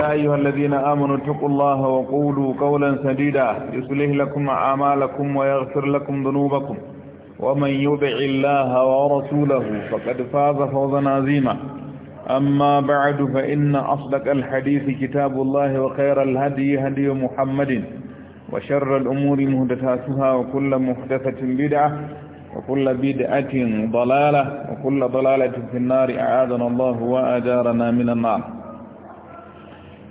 يا أيها الذين آمنوا اتقوا الله وقولوا قولا سديدا يصلح لكم أعمالكم ويغفر لكم ذنوبكم ومن يطع الله ورسوله فقد فاز فوزا عظيما أما بعد فإن أصدق الحديث كتاب الله وخير الهدي هدي محمد وشر الأمور مهدثاتها وكل محدثة بدعة وكل بدعة ضلالة وكل ضلالة في النار أعاذنا الله وأجارنا من النار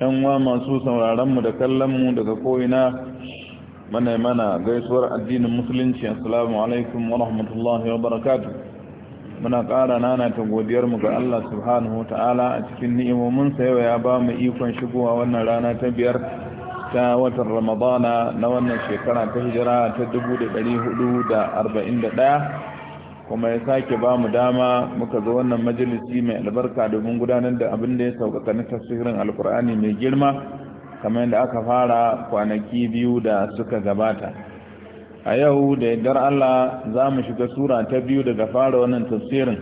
yan wa masu sauraronmu da kallonmu daga ko'ina mana mana gaisuwar addinin musulunci assalamu alaikum wa rahmatullahi wa barakatu muna ƙara nana ta godiyarmu ga Allah subhanahu wa ta'ala a cikin ni'imominsa yau ya ba mu ikon shigowa wannan rana ta biyar ta watan ramadana na wannan shekara ta hijira ta 1441 kuma ya sake ba mu dama muka zo wannan majalisi mai albarka domin gudanar da abin da ya sauƙaƙa na tafsirin alkur'ani mai girma kamar yadda aka fara kwanaki biyu da suka gabata a yau da yaddar allah za mu shiga sura ta biyu daga fara wannan tafsirin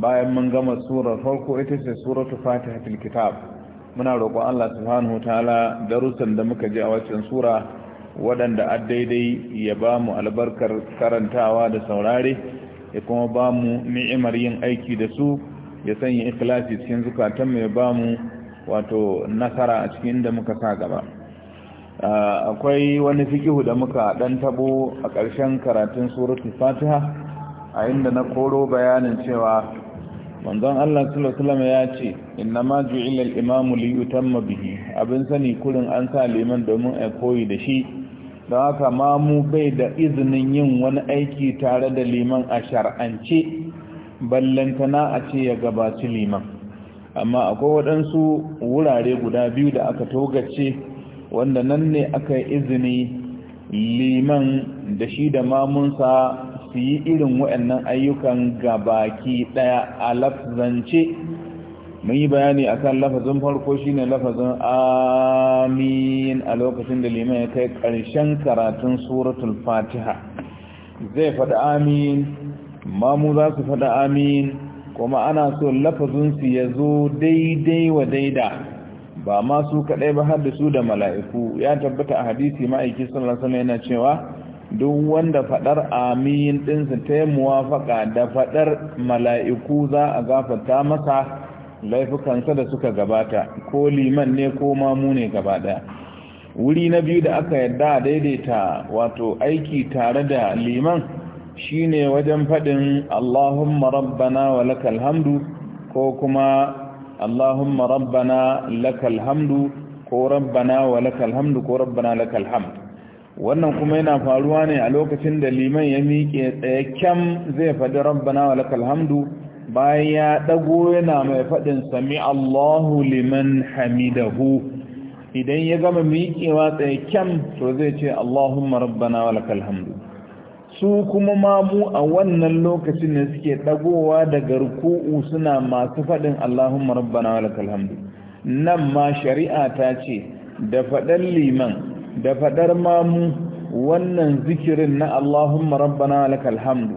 bayan mun gama surar farko ita ce suratu fatihatul kitab muna roƙon allah subhanahu ta'ala darussan da muka ji a waccan sura waɗanda a daidai ya ba mu albarkar karantawa da saurare ya kuma ba mu ni'imar yin aiki da su ya sanya ikilasi cikin zukatan mai ba mu wato nasara a cikin da muka sa gaba akwai wani fikihu da muka dan tabo a ƙarshen karatun suratul fatiha a inda na koro bayanin cewa manzon Allah sallallahu alaihi ya ce ma ju'ila al-imamu li yutamma bihi abin sani kurin an sa liman domin a koyi da shi don haka mamu bai da izinin yin wani aiki tare da liman a shar'ance ballantana a ce ya gabaci liman amma akwai waɗansu wurare guda biyu da aka togace wanda nan ne aka yi izini liman da shi da mamunsa su yi irin waɗannan ayyukan gabaki ɗaya a lafzance mun yi bayani a akan lafazin farko shi ne lafazin amin a lokacin da liman ya kai ƙarshen karatun suratul fatiha zai faɗi amin mamu za su faɗi amin kuma ana so lafazinsu ya zo daidai wa daida ba ma su kaɗai ba har da su da mala'iku ya tabbata a hadisi ma'aiki sallallahu yana cewa duk wanda faɗar amin ɗinsu ta yi muwafaƙa da faɗar mala'iku za a gafata masa laifukansa da suka gabata ko liman ne ko mamu ne gaba daya wuri na biyu da aka yadda daidaita wato aiki tare da liman shine wajen faɗin Allahumma rabbana wa lakal hamdu ko kuma Allahumma rabbana lakal hamdu ko rabbana wa lakal hamdu ko rabbana lakal hamdu wannan kuma yana faruwa ne a lokacin da liman ya miƙe kyam zai faɗi rabbana wa lakal hamdu bayan ya ɗago yana mai faɗin sami Allahu liman hamidahu idan ya gama miƙewa tsaye kyan to zai ce Allahumma rabbana walakal hamdu su kuma mamu a wannan lokacin da suke ɗagowa daga ruku'u suna masu faɗin Allahumma rabbana walakal hamdu nan ma shari'a ta ce da faɗar liman da faɗar mamu wannan zikirin na Allahumma rabbana walakal hamdu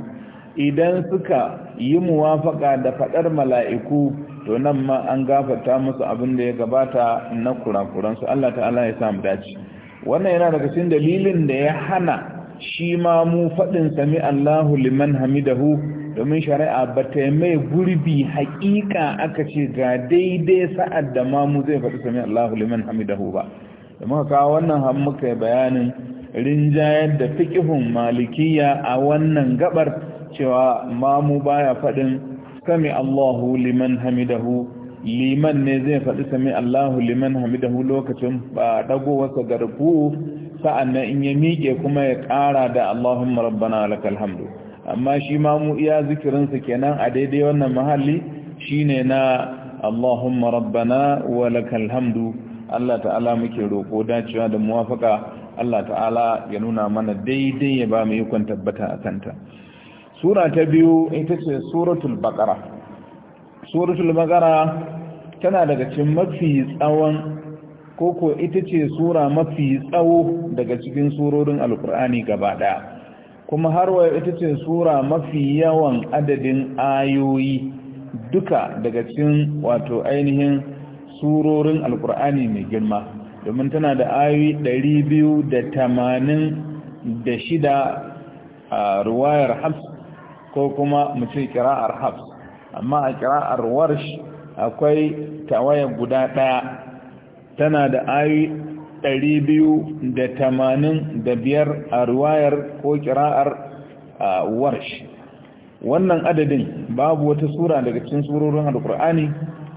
idan suka yi muwafaka da faɗar mala'iku to nan ma an gafata musu abin da ya gabata na kurakuransu Allah ta'ala ya samu dace wannan yana daga cikin dalilin da ya hana shi ma mu faɗin sami Allahu liman hamidahu domin shari'a ba ta mai gurbi haƙiƙa aka ce ga daidai sa'ad da ma mu zai faɗi sami Allahu liman hamidahu ba da muka kawo wannan har muka bayanin rinjayar da fikihun malikiya a wannan gabar cewa mamu baya faɗin sami Allahu liman hamidahu liman ne zai faɗi sami Allahu liman hamidahu lokacin ba dagowarsa ga garbu sa'annan in ya miƙe kuma ya ƙara da Allahumma rabbana lakal hamdu amma shi mamu iya zikirinsa kenan a daidai wannan mahalli shine na Allahumma rabbana walakal hamdu Allah ta'ala muke roƙo dacewa da muwafaka Allah ta'ala ya nuna mana daidai ya ba mu yi tabbata a kanta sura ta biyu ita ce suratul baqara suratul baqara tana daga cikin mafi tsawon koko ita ce sura mafi tsawo daga cikin surorin alkur'ani gaba daya kuma har wa ita ce sura mafi yawan adadin ayoyi duka daga cikin wato ainihin surorin alkur'ani mai girma domin tana da ayoyi 286 a ruwayar hafsa ko kuma mu ce kira'ar hafs amma a kira'ar warsh akwai tawaya guda ɗaya tana da ayi ɗari biyu da tamanin da biyar a ruwayar ko kira'ar warsh wannan adadin babu wata sura daga cikin surorin alkur'ani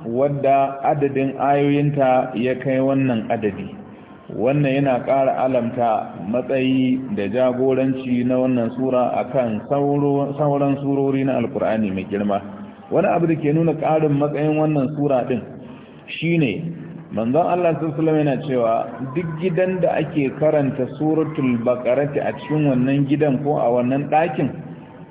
wadda adadin ayoyinta ya kai wannan adadi wannan yana ƙara alamta matsayi da jagoranci na wannan sura a kan sauran surori na alkur'ani mai girma wani abu da ke nuna ƙarin matsayin wannan sura ɗin shi shine manzon Allah sallallahu yana cewa duk gidan da ake karanta suratul bakarati a cikin wannan gidan ko a wannan ɗakin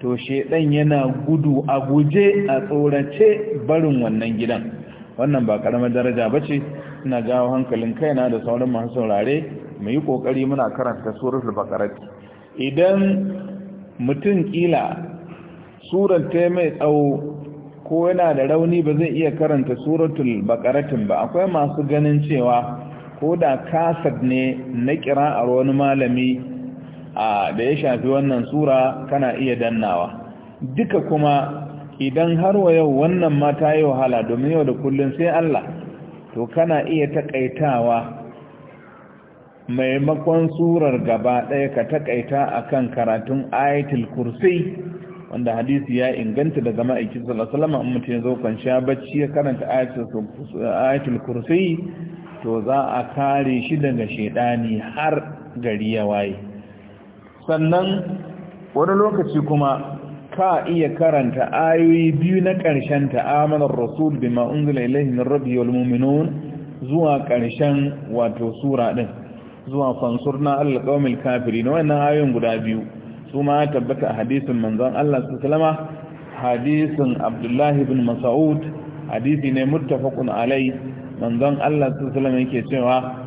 to shaidan yana gudu a guje a tsorace barin wannan gidan wannan ba karamar daraja ba ce. ina jawo hankalin kaina da sauran masu saurare mu yi kokari muna karanta suratul baqara idan mutum kila surar ta mai tsawo ko yana da rauni ba zai iya karanta suratul baqaratin ba akwai masu ganin cewa ko da kasad ne na a wani malami a da ya shafi wannan sura kana iya dannawa duka kuma idan har wa yau wannan mata ta yi wahala domin yau da kullum sai Allah to kana iya taƙaitawa maimakon surar gaba ɗaya ka taƙaita a kan karatun ayatul kursi wanda hadisi ya inganta daga ma'aiki salasalama in mutum ya kan sha. bacci ya karanta ayatul kursi to za a kare shi daga shaidani har gari ya waye sannan wani lokaci kuma ka iya karanta ayoyi biyu na ƙarshen ta'amalar rasul bima unzila ilaihi min rabbi wal mu'minun zuwa ƙarshen wato sura din zuwa fansurna alqaumil kafirin wannan ayoyin guda biyu su ma tabbata a hadisin manzon Allah sallama hadisin Abdullahi bin Mas'ud hadisi ne muttafaqun alai manzon Allah sallama yake cewa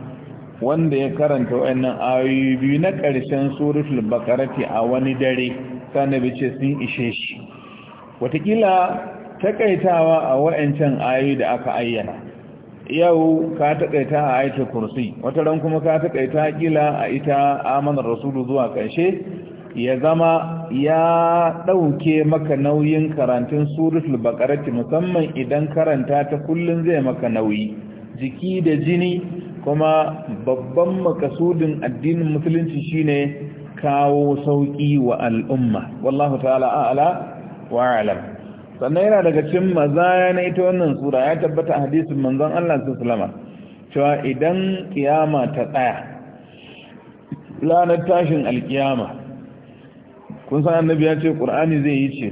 wanda ya karanta wayannan ayoyi biyu na ƙarshen suratul baqarati a wani dare sanabi ce sun ishe shi watakila takaitawa a wa'ancan ayoyi da aka ayyana yau ka takaita a aiki kursi wata ran kuma ka takaita kila a ita amanar rasulu zuwa ƙarshe ya zama ya ɗauke maka nauyin karantun suratul baqarati musamman idan karanta ta kullum zai maka nauyi jiki da jini kuma babban makasudin addinin musulunci shine kawo sauƙi wa al'umma wallahu ta'ala ala wa alam sannan yana daga cikin mazaya na ita wannan sura ya tabbata a hadisin manzon Allah salama cewa idan kiyama ta tsaya lanar tashin alkiyama kun san annabi ya ce qur'ani zai yi ce.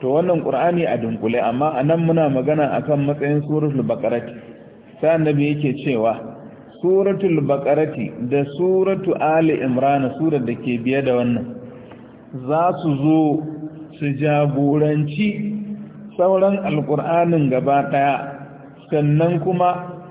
to wannan ƙur'ani a dunkule amma anan muna magana akan matsayin suratul baqarah sai annabi yake cewa suratul baƙarati da suratu ali imrana surar da ke biye da wannan za su zo su jagoranci sauran Alƙur'anin gaba ɗaya sannan kuma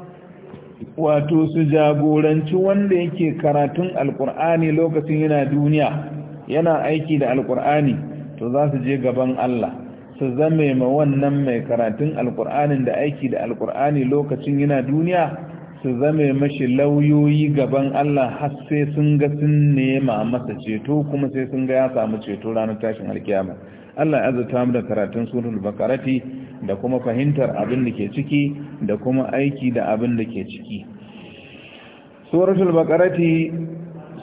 wato su jagoranci wanda yake karatun Alƙur'ani lokacin yana duniya yana aiki da alkur'ani to za su je gaban Allah su zame ma wannan mai karatun Alƙur'anin da aiki da alkur'ani lokacin yana duniya su zame mashi lauyoyi gaban Allah har sai sun ga sun nema masa ceto kuma sai sun ga ya samu ceto ranar tashin alkiyama Allah ya azurta mu da karatun suratul bakarati da kuma fahimtar abin da ke ciki da kuma aiki da abin da ke ciki suratul bakarati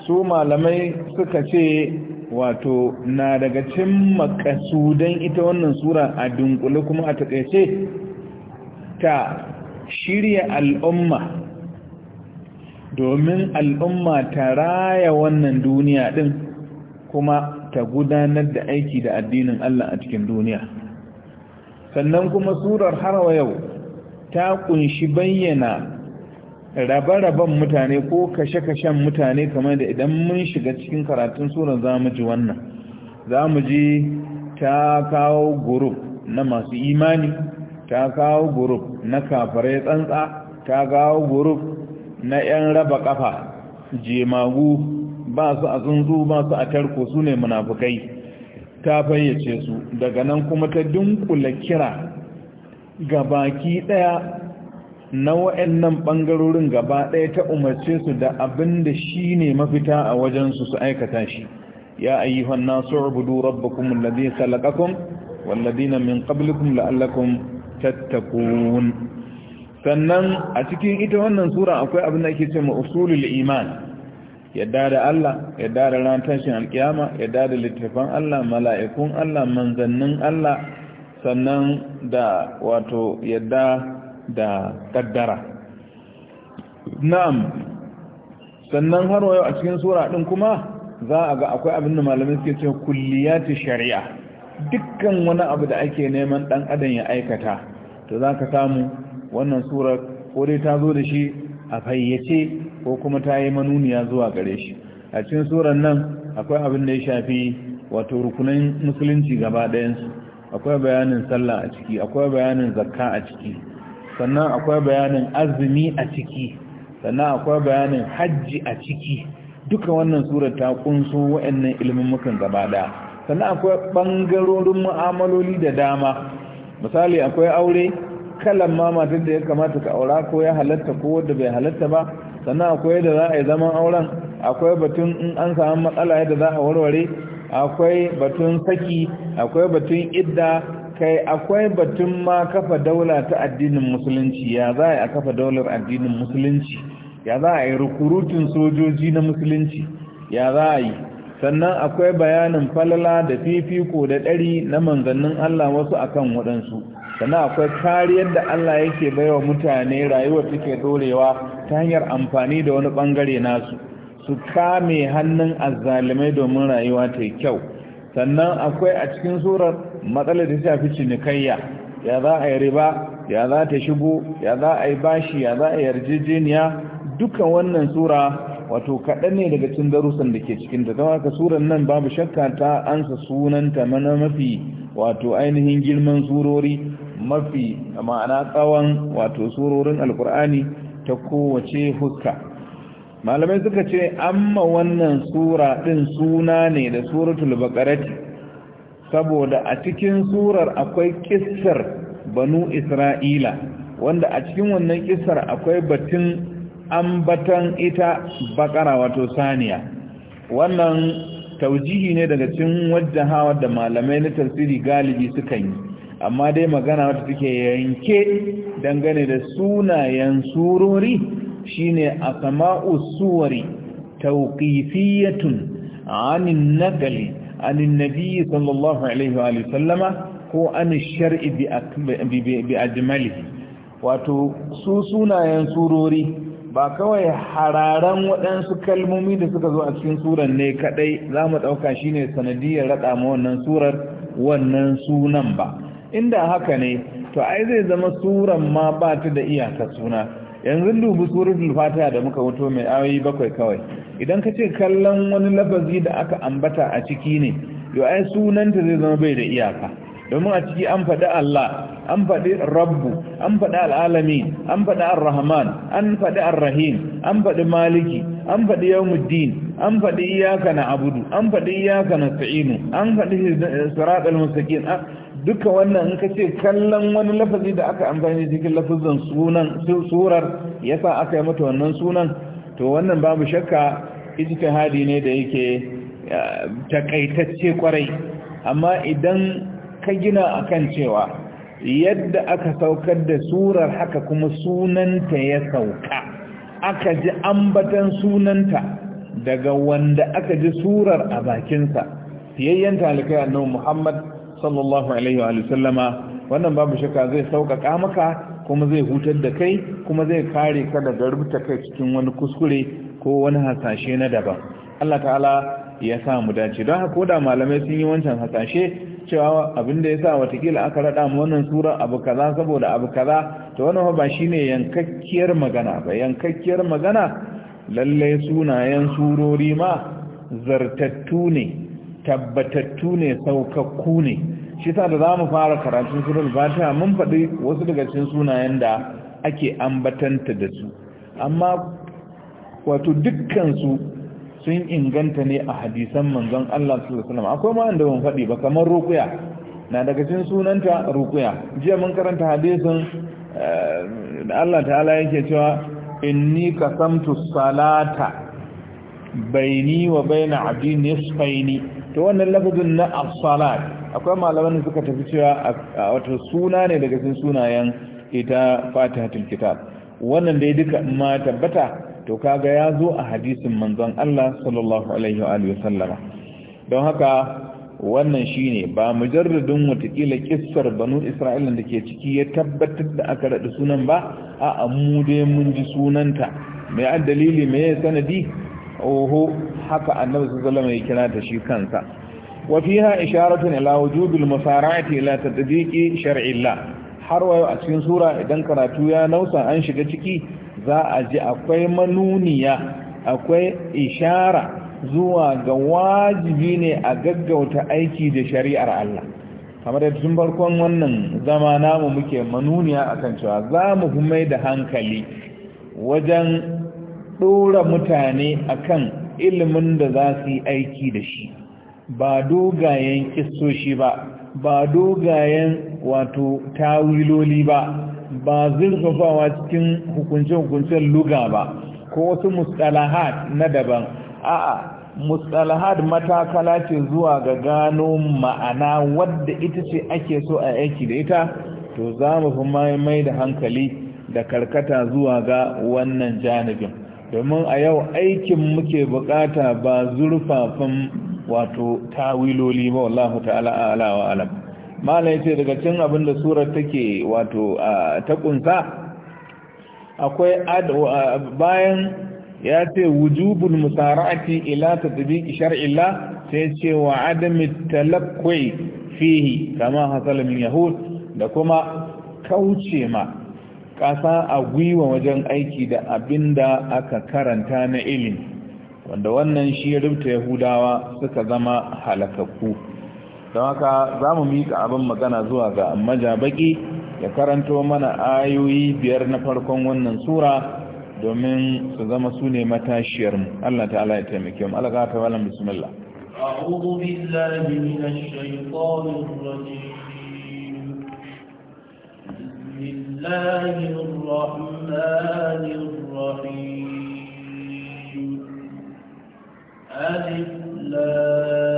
su malamai suka ce wato na daga cin makasudan ita wannan sura a dunkule kuma a takaice ta shirya al'umma domin al'umma ta raya wannan duniya din, kuma ta gudanar da aiki da addinin Allah a cikin duniya sannan kuma surar harawa yau ta kunshi bayyana rabe-raben mutane ko kashe-kashen mutane kamar da idan mun shiga cikin karatun surar za mu ji wannan za mu ji ta kawo guruf na masu imani ta kawo guruf na kafarai tsantsa ta kawo guruf na 'yan raba ƙafa jemagu ba su a tsuntsu ba su a tarko su ne munafukai ta fayyace su daga nan kuma ta dunkula kira ga baki ɗaya na wa'annan ɓangarorin gaba ɗaya ta umarce su da abin da shi ne mafita a wajensu su aikata shi ya su rubudu rabba kuma alladhi salakakun wal dina min qablikum la'allakun tattakun sannan a cikin ita wannan sura akwai abin da ake ce ma usulul iman yadda da Allah yadda da ran tashin alkiyama yadda da littafan Allah mala'ikun Allah manzannin Allah sannan da wato yadda da kaddara na'am sannan har wayo a cikin sura din kuma za a ga akwai abin da malamai suke cewa kulliyatu shari'a dukkan wani abu da ake neman dan adam ya aikata to za ka samu wannan surar ko dai ta zo da shi a fayyace ko kuma ta yi manuniya zuwa gare shi a cikin surar nan akwai abin da ya shafi wato rukunin musulunci gaba ɗayansu akwai bayanin sallah a ciki akwai bayanin zakka a ciki sannan akwai bayanin azumi a ciki sannan akwai bayanin hajji a ciki duka wannan surar ta kunso wa'annan ilmummukan gaba ɗaya sannan akwai bangarorin mu'amaloli da dama misali akwai aure kalan ma matar da ya kamata ka aura ko ya halatta ko wanda bai halatta ba sannan akwai yadda za a yi zaman auren akwai batun in an samu matsala yadda za a warware akwai batun saki akwai batun idda kai akwai batun ma kafa daula ta addinin musulunci ya za a kafa daular addinin musulunci ya za a yi rukurutun sojoji na musulunci ya za a yi sannan akwai bayanin falala da fifiko da ɗari na manzannin Allah wasu akan waɗansu sannan akwai kariyar da Allah yake baiwa mutane rayuwar take dorewa ta hanyar amfani da wani bangare nasu su kame hannun azzalumai domin rayuwa ta kyau sannan akwai a cikin surar matsalar da shafi cinikayya ya za a yi riba ya za ta shigo ya za a yi bashi ya za a yarjejeniya duka wannan sura wato kaɗan ne daga cikin darussan da ke cikin ta zama ka surar nan babu shakka ta ansa sunanta mana mafi wato ainihin girman surori mafi ma'ana tsawon wato surorin alkur'ani ta kowace fuska malamai suka ce amma wannan sura ɗin suna ne da suratul bakarati saboda a cikin surar akwai ƙisar banu isra'ila wanda a cikin wannan ƙisar akwai batun ambatan ita bakara wato saniya wannan taujihi ne daga cikin hawa da malamai na tafsiri galibi suka yi amma dai magana wata take yanke dangane da sunayen surori shine asama'u suwari tawqifiyatun anin naqli anin nabiy sallallahu alaihi wa sallama ko anin shar'i bi ajmalihi wato su sunayen surori ba kawai hararan waɗansu kalmomi da suka zo a cikin surar ne kadai za mu ɗauka shine sanadiyar raɗa ma wannan surar wannan sunan ba inda haka ne to ai zai zama suran ma ba ta da iyaka suna yanzu dubu suratul fatiha da muka wuto mai ayoyi bakwai kawai idan ka ce kallon wani lafazi da aka ambata a ciki ne yo ai sunanta zai zama bai da iyaka domin a ciki an faɗi Allah an faɗi rabbu an faɗi al'alami an faɗi ar-rahman an faɗi ar-rahim an faɗi maliki an faɗi yawmuddin an faɗi iyyaka na'budu an faɗi iyyaka nasta'inu an faɗi siratal mustaqim duka wannan in ka ce kallon wani lafazi da aka amfani cikin lafazin sunan surar yasa aka yi mata wannan sunan to wannan babu shakka ijtihadi ne da yake takaitacce kwarai amma idan ka gina akan cewa yadda aka saukar da surar haka kuma sunanta ya sauka aka ji ambatan sunanta daga wanda aka ji surar a bakinsa fiyayyen talikai annabi Muhammad sallallahu alaihi wa sallama wannan babu shakka zai sauƙaƙa maka kuma zai hutar da kai kuma zai kare ka daga rubuta kai cikin wani kuskure ko wani hasashe na daban Allah ta'ala ya sa mu dace don haka da malamai sun yi wancan hasashe cewa abin da ya sa watakila aka raɗa mu wannan sura abu kaza saboda abu kaza to wannan ba shine yankakkiyar magana ba yankakkiyar magana lallai sunayen surori ma zartattu ne tabbatattu ne saukakku ne shi sa da za mu fara karatun surar fatiha mun faɗi wasu daga cikin sunayen da ake ambatanta da su amma wato dukkansu sun inganta ne a hadisan manzon Allah sallallahu alaihi akwai ma da mun faɗi ba kamar ruqya na daga cikin sunanta ruqya jiya mun karanta hadisin eh, Allah ta'ala yake cewa inni qasamtu salata baini wa baina abdi nisfaini to wannan lafazin na as akwai malaman da suka tafi cewa a wato suna ne daga cikin sunayen ita fatihatul kitab wannan dai duka ma tabbata to kaga ya zo a hadisin manzon Allah sallallahu alaihi wa alihi sallama don haka wannan shine ba mujarradin watakila kissar banu isra'ilan da ke ciki ya tabbatar da aka rada sunan ba A'a mu dai mun ji sunanta mai dalili mai sanadi oho haka annabi sallallahu alaihi kira ta shi kansa wa fiha isharatun ila wujubil musara'ati ila tadbiqi shar'i Allah har wayo a cikin sura idan karatu ya nausa an shiga ciki za a ji akwai manuniya akwai ishara zuwa ga wajibi ne a gaggauta aiki da shari'ar Allah kamar da tun farkon wannan zama namu muke manuniya akan cewa za mu mai da hankali wajen ɗora mutane a kan ilimin da za su yi aiki da shi ba dogayen kistoshi ba ba dogayen wato tawiloli ba ba zurfafawa cikin hukuncin hukuncin luga ba ko wasu mustalahat na daban a'a mustalahat matakala ce zuwa ga gano ma'ana wadda ita ce ake so a aiki da ita to za mu fi mai da hankali da karkata zuwa ga wannan janibin domin a yau aikin muke bukata ba zurfafan wato tawiloli ba wallahu ta'ala ala wa alam mala yace daga cikin abin da surar take wato ta kunsa akwai bayan ya ce wujubul musara'ati ila tatbiqi shar'illah sai ce wa adami talaqqi fihi kama hasala min yahud da kuma kauce ma ƙasa a gwiwa wajen aiki da abin da aka karanta na ilimi wanda wannan shi rubuta yahudawa suka zama halakakku don haka za mu miƙa abin magana zuwa ga majabaki ya karanto mana ayoyi biyar na farkon wannan sura domin su zama su ne matashiyarmu Allah ta'ala ya taimake mu Allah ta walan bismillah أعوذ بالله من الشيطان الرجيم الله الرحمن الرحيم ألف لام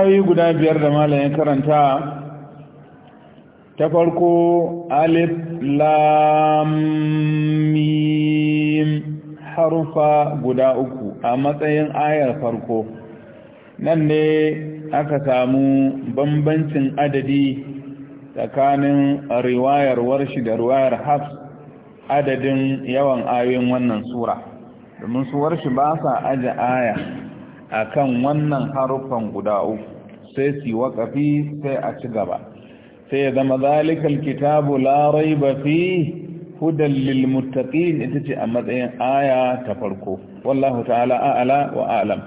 ayoyi guda biyar da malamin karanta ta farko alif lamim harufa guda uku a matsayin ayar farko nan ne aka samu bambancin adadi tsakanin riwayar warshi da riwayar haf adadin yawan ayoyin wannan sura domin su warshi ba sa aje aya akan wannan harufan guda uku sai su waƙafi sai a ci gaba sai ya zama zalikal kitabu la raiba fi hudan lil ita ce a matsayin aya ta farko wallahu ta'ala a'ala wa a'lam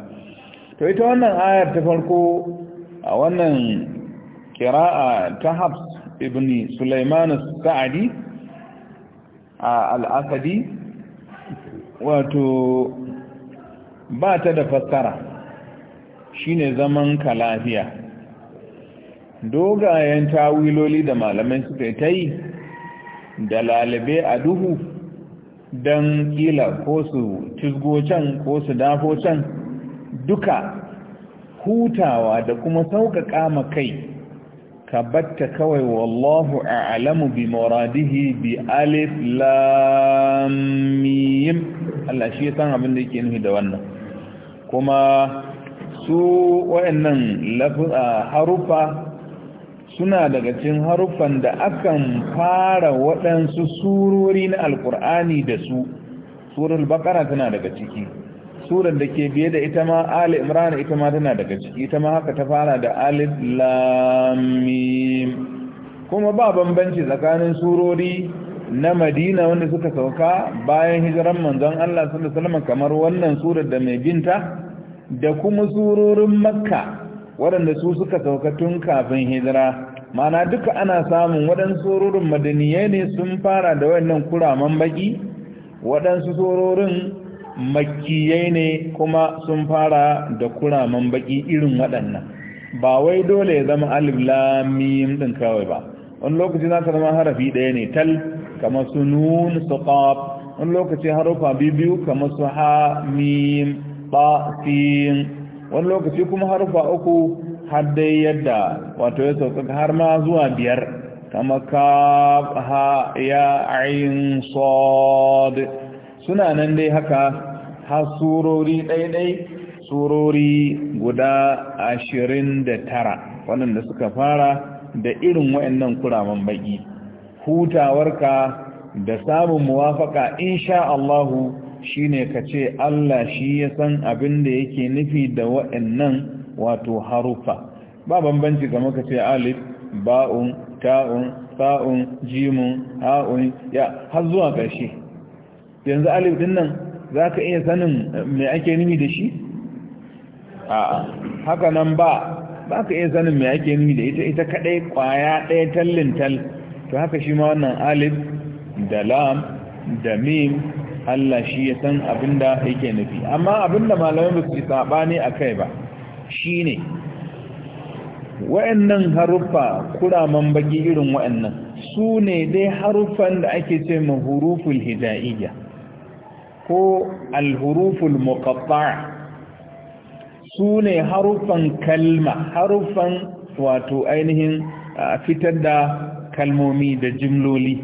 to ita wannan ayar ta farko a wannan kira'a ta Habs ibni Sulaiman sa'adi a al-Asadi wato ba ta da fassara shine zaman ka lafiya dogayen tawiloli da malamai suka ta yi da lalabe a duhu don kila ko su cizgo can ko su dafo can duka hutawa da kuma sauƙaƙa ma kai ka batta kawai wallahu a'lamu bi muradihi bi alif lam mim Allah shi ya san abin da yake nufi da wannan kuma su wayannan haruffa suna daga cikin harufan da akan fara waɗansu surori na alkur'ani da su surar bakara tana daga ciki surar da ke biye da ita ma ali imran ita ma tana daga ciki ita ma haka ta fara da alif lam mim kuma ba bambanci tsakanin surori na madina wanda suka sauka bayan hijiran manzon Allah sallallahu alaihi wasallam kamar wannan surar da mai binta da kuma surorin makka waɗanda su suka sauka tun kafin hijira ma'ana duka ana samun waɗansu surorin madaniyai ne sun fara da wannan kuraman baki waɗansu surorin makkiyai ne kuma sun fara da kuraman baki irin waɗannan ba wai dole ya zama alif lamim ɗin kawai ba wani lokaci za ta zama harafi ɗaya ne tal kama su nun su wani lokaci harufa biyu kama su ha mim ba wani lokaci kuma harfa uku har dai yadda wato ya sauka har ma zuwa biyar kama ka ha ya ayin sod suna nan dai haka har surori ɗaiɗai surori guda ashirin da tara waɗanda suka fara da irin waɗannan kuraman baƙi hutawarka da samun muwafaka insha Allahu shine ka ce Allah shi ya san abin da yake nufi da waɗannan wato harufa ba bambanci ga maka ce alif ba'un ta'un sa'un jimun ha'un ya har zuwa ƙarshe yanzu alif din nan za ka iya sanin me ake nimi da shi? a'a haka nan ba ba ka iya sanin me ake nimi da ita ita kaɗai ƙwaya ɗaya tallin tal to haka shi ma wannan alif da lam da mim Allah shi ya san abin abinda yake nufi amma abinda malamai ba su sabani akai ba shine wa'annan haruffa kuraman baki irin wa'annan su ne dai haruffan da ake ce ma huruful hija'iyya ko alhuruful muqatta'a su ne haruffan kalma haruffan wato ainihin fitar da kalmomi da jimloli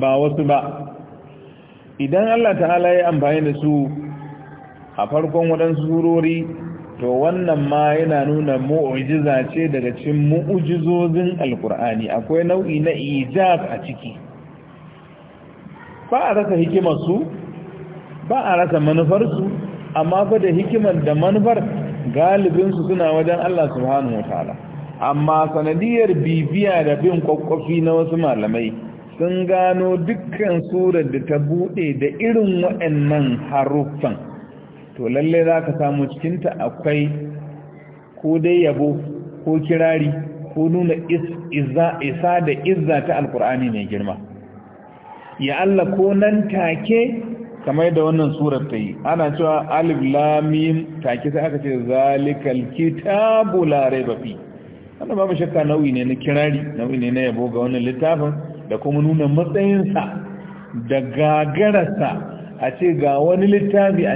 ba wasu ba idan Allah ta'ala ya amfani da su a farkon waɗansu surori to wannan ma yana nuna mu'ujiza ce daga cikin mu'ujizozin alkur'ani akwai nau'i na ijab a ciki ba a rasa hikimarsu ba a rasa manufarsu amma fa da hikimar da manufar galibinsu suna wajen Allah subhanahu wa ta'ala amma sanadiyar bibiya da bin kwakwafi na wasu malamai sun gano dukkan surar da ta bude da irin waɗannan haruffan to lalle za ka samu cikinta akwai ko dai yabo ko kirari ko nuna isa da izza ta alkur'ani mai girma ya Allah ko nan take kamar da wannan surar ta yi ana cewa alif lamim take sai aka ce zalikal kitabu la raiba fi wannan babu shakka nau'i ne na kirari nau'i ne na yabo ga wannan littafin da kuma nuna matsayinsa da gagararsa a ce ga wani littafi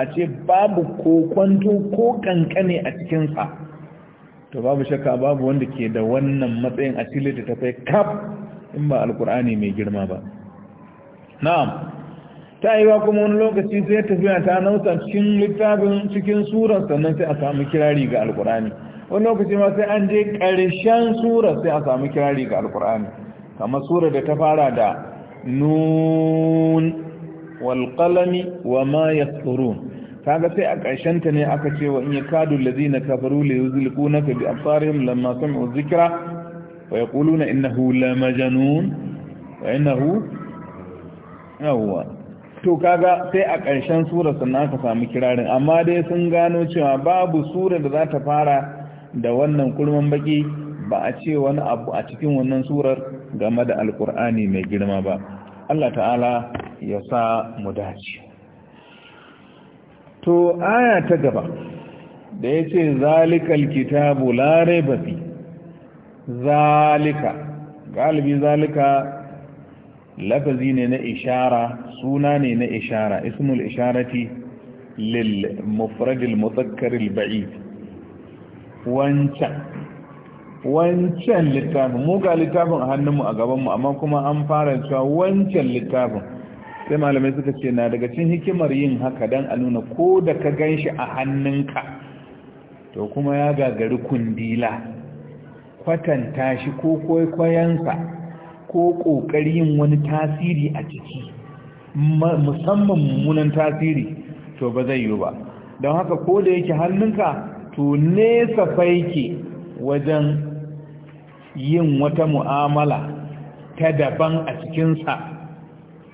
a ce babu ko kwanto ko kankane a cikinsa to babu shakka babu wanda ke da wannan matsayin a cikin littattafai kaf in ba alkur'ani mai girma ba na'am ta yi wa kuma wani lokaci sai tafiya ta nausa cikin littafin cikin surar sannan sai a samu kirari ga alkur'ani wani lokaci ma sai an je ƙarshen surar sai a samu kirari ga alkur'ani kamar sura da ta fara da nun walƙalami wa ma ya kaga sai a karshen ta ne aka ce wa in ya kadu lazi na kafaru la yuzliku na ka bi absarihim lamma sami'u zikira wa yaquluna innahu la majnun wa innahu yawwa to kaga sai a ƙarshen sura sannan aka samu kirarin amma dai sun gano cewa babu sura da za ta fara da wannan kurman baki ba a ce wani abu a cikin wannan surar game da alkur'ani mai girma ba Allah ta'ala ya sa mu dace to aya ta gaba da ya ce zalikal kitabu larai bafi zalika galibi zalika lafazi ne na ishara suna ne na ishara ismul isharati lil mufradil mutsakkar baid wancan wancan littafin mu littafin a hannunmu a gabanmu amma kuma an fara cewa wancan littafin sai malamai suka ce na daga cikin hikimar yin haka dan a nuna ko da ka gan shi a hannunka to kuma ya gagari kundila kwatanta shi ko kwaikwayonka ko ƙoƙari yin wani tasiri a ciki musamman mummunan tasiri to ba zai yi ba don haka ko da yake hannunka to nesa ke wajen yin wata mu'amala ta daban a cikinsa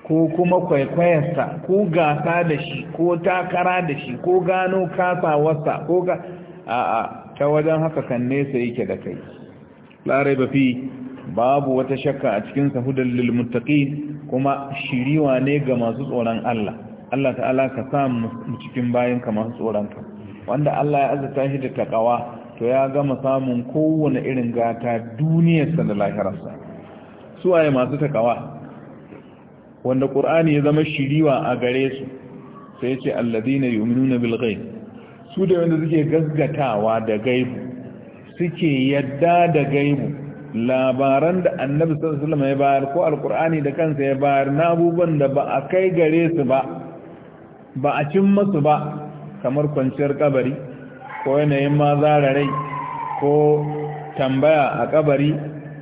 ko kuma kwaikwayarsa ko gasa da shi ko takara da shi ko gano kasawarsa ko ga a ta wajen haka kan nesa yake da kai larai ba fi babu wata shakka a cikinsa hudar lilmutaki, kuma shiriwa ne ga masu tsoron Allah Allah ta'ala ka sa mu cikin bayanka masu tsoronka wanda Allah ya azata shi da takawa to ya gama samun kowane irin gata duniyarsa da lahirarsa su aye masu takawa wanda ƙur'ani ya zama shiriwa a gare su sai ce alladina yu'minuna bil ghaib su da wanda suke gazgatawa da gaibu suke yadda da gaibu labaran da annabi sallallahu alaihi wasallam ya bayar ko alqur'ani da kansa ya bayar na abubuwan da ba a kai gare su ba ba a cin masu ba kamar kwanciyar kabari ko yanayin ma da rai ko tambaya a kabari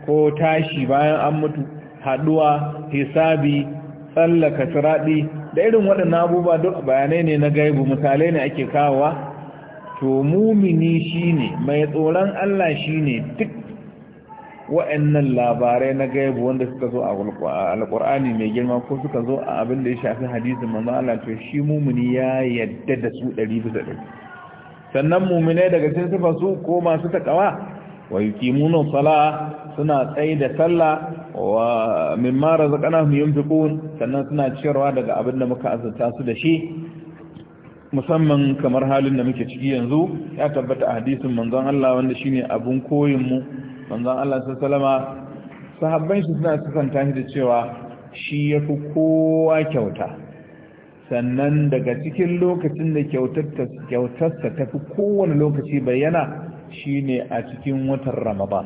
ko tashi bayan an mutu haduwa hisabi tsallaka siraɗi da irin waɗannan abubuwa duk bayanai ne na gaibu misalai ne ake kawowa to mumini shine mai tsoron Allah shine duk wa'annan labarai na gaibu wanda suka zo a alƙur'ani mai girma ko suka zo a abin da ya shafi hadisi manzo Allah to shi mumini ya yadda da su 100% sannan muminai daga cikin ko masu takawa wa yuqimuna sala suna tsaye da sallah wa min mimma razaqnahum yunfiqun sannan suna ciyarwa daga abin da muka azurta su da shi musamman kamar halin da muke ciki yanzu ya tabbata a hadisin manzon Allah wanda shine abun koyin mu manzon Allah sallama sahabban shi suna sukanta shi da cewa shi yafi kowa kyauta sannan daga cikin lokacin da kyautarsa ta fi kowane lokaci bayyana shine a cikin watan ramadan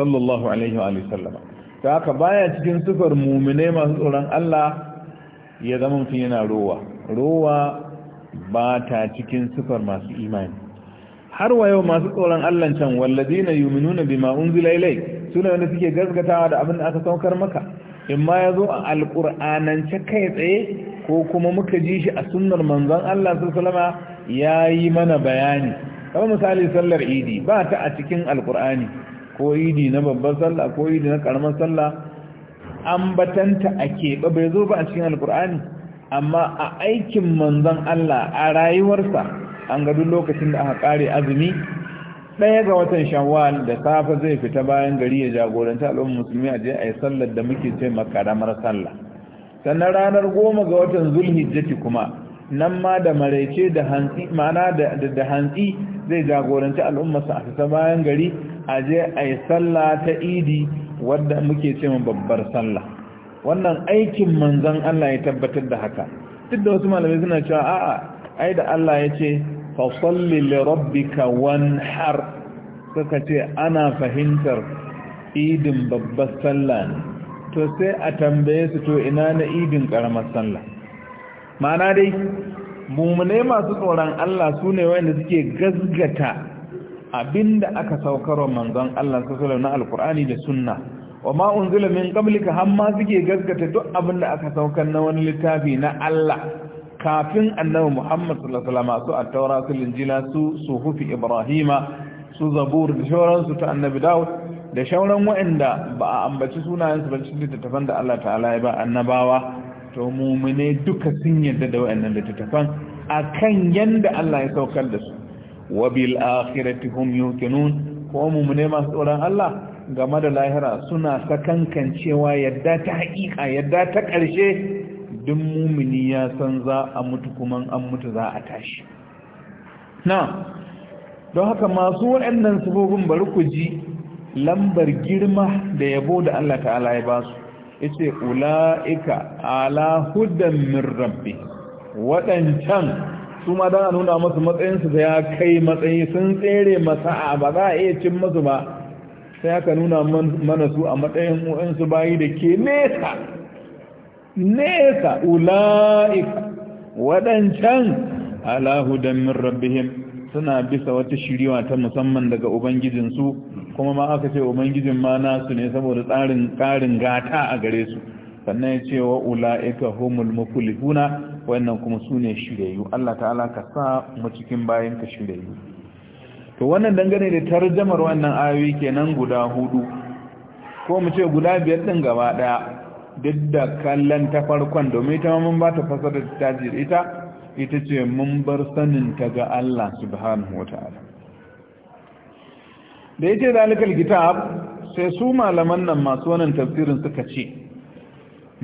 sallallahu alaihi wa sallama ta haka baya cikin sufar mumine masu tsoron Allah ya zama mutum yana rowa rowa ba ta cikin sufar masu imani har wa yau masu tsoron Allah can yi yuminuna bi ma'un zilailai suna wanda suke gaskatawa da abin da aka saukar maka in ma yazo a alƙur'anance kai tsaye ko kuma muka ji shi a sunnar manzon Allah sallama ya yi mana bayani kamar misali sallar idi ba ta a cikin alkur'ani ko idi na babbar sallah ko idi na karamar sallah an batanta a keɓe bai zo ba a cikin alkur'ani amma a aikin manzon Allah a rayuwarsa an ga duk lokacin da aka kare azumi ɗaya ga watan shawwal da safe zai fita bayan gari ya jagoranta al'ummar musulmi a je a yi sallar da muke ce makaramar sallah sannan ranar goma ga watan zulhijjati kuma nan ma da maraice da hantsi ma'ana da hantsi zai jagoranci al'ummarsa a fita bayan gari a je a yi sallah ta idi wadda muke ce babbar sallah wannan aikin manzan Allah ya tabbatar da haka duk da wasu malamai suna cewa a'a ai da Allah ya ce fa salli li rabbika wanhar suka ce ana fahimtar idin babbar sallah ne to sai a tambaye su to ina na idin karamar sallah ma'ana dai mummune masu tsoron Allah su ne wanda suke gazgata abinda aka saukarwa manzon Allah sallallahu na alkur'ani da sunna wa ma unzila min qablika hamma suke gazgata duk abinda aka saukar na wani littafi na Allah kafin annabi Muhammad sallallahu alaihi wasallam su at su injila su suhufi ibrahima su zabur da su ta annabi Dawud da shauran waɗanda ba a ambaci sunayensu ba cikin littattafan da Allah ta'ala ya ba annabawa to mumune duka sun yarda da waɗannan littattafan akan yanda Allah ya saukar da su wa bil akhirati hum yuqinun ko mumune masu tsoron Allah game da lahira suna sakankan cewa yadda ta haƙiƙa yadda ta ƙarshe duk mumini ya san za a mutu kuma an mutu za a tashi na don haka masu waɗannan sabobin bari ku ji lambar girma da yabo da Allah ta'ala ya ba su yace ula'ika ala hudan min rabbi waɗancan su ma dan a nuna masu matsayinsu da ya kai matsayi sun tsere masa a ba za a iya cin masu ba sai aka nuna mana su a matsayin uwansu bayi da ke nesa nesa ula'ika waɗancan ala hudan min rabbihim suna bisa wata shiriwa ta musamman daga ubangijinsu kuma ma aka ce ubangijin ma nasu ne saboda tsarin karin gata a gare su sannan ya ce wa ula'ika homul muflihuna wannan kuma su ne shirayu Allah ta'ala ka sa mu cikin bayan ka shirayu to wannan dangane da tarjamar wannan ayoyi kenan guda hudu ko mu ce guda biyar din gaba daya duk da kallon ta farkon domin ita mun ba ta fasara ta ita ita ce mun bar saninta ga Allah subhanahu wa ta'ala da ya ce zalikar kitab sai su malaman nan masu wannan tafsirin suka ce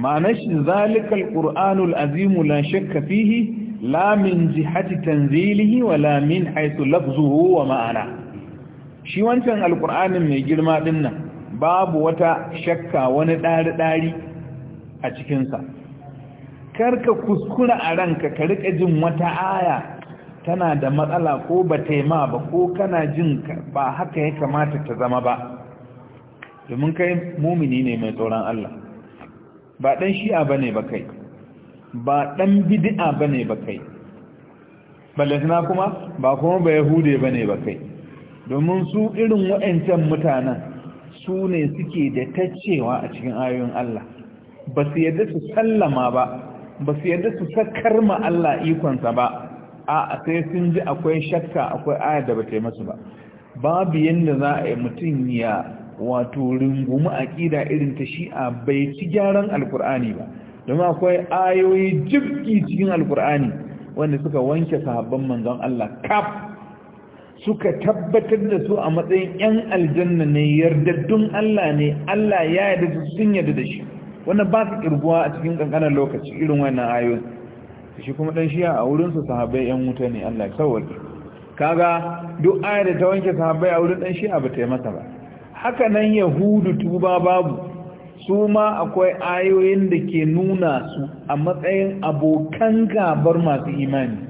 ma'anar shi zalikar ƙur'anul azimu la shakka fihi la jihati tanzilihi wa lamin haisu lafzuhu wa ma'ana shi wancan alƙur'anin mai girma ɗin nan babu wata shakka wani ɗari-ɗari a cikinsa karka kuskura a ranka ka rika jin wata aya tana da matsala ko ba taima ba ko kana jin ba haka ya kamata ta zama ba domin kai mumini ne mai tsoron Allah ba dan shi'a ba ne ba kai ba dan ba ne ba kai ballasna kuma ba kuma ba yahude ne ba kai domin su irin waɗancan mutanen su ne suke da tacewa a cikin ayoyin Allah ba su yadda su sallama ba ba su yadda su sakar ma Allah ikonsa ba a sai sun ji akwai shakka akwai ayar da ba ta yi masu ba babu yadda za a yi mutum ya wato rungumi a aƙida irin ta shi'a bai ci gyaran alkur'ani ba domin akwai ayoyi jibki cikin alkur'ani wanda suka wanke sahabban manzon Allah kaf suka tabbatar da su a matsayin 'yan aljanna ne yardaddun Allah ne Allah ya yarda su sun yarda da shi wannan ba su kirguwa a cikin kankanar lokaci irin wannan ayoyin shi kuma dan shiya a wurin su sahabbai yan wuta ne Allah kawai kaga duk ayar da ta wanke sahabbai a wurin dan shiya ba ta yi masa ba haka nan yahudu tuba babu su ma akwai ayoyin da ke nuna su a matsayin abokan gabar masu imani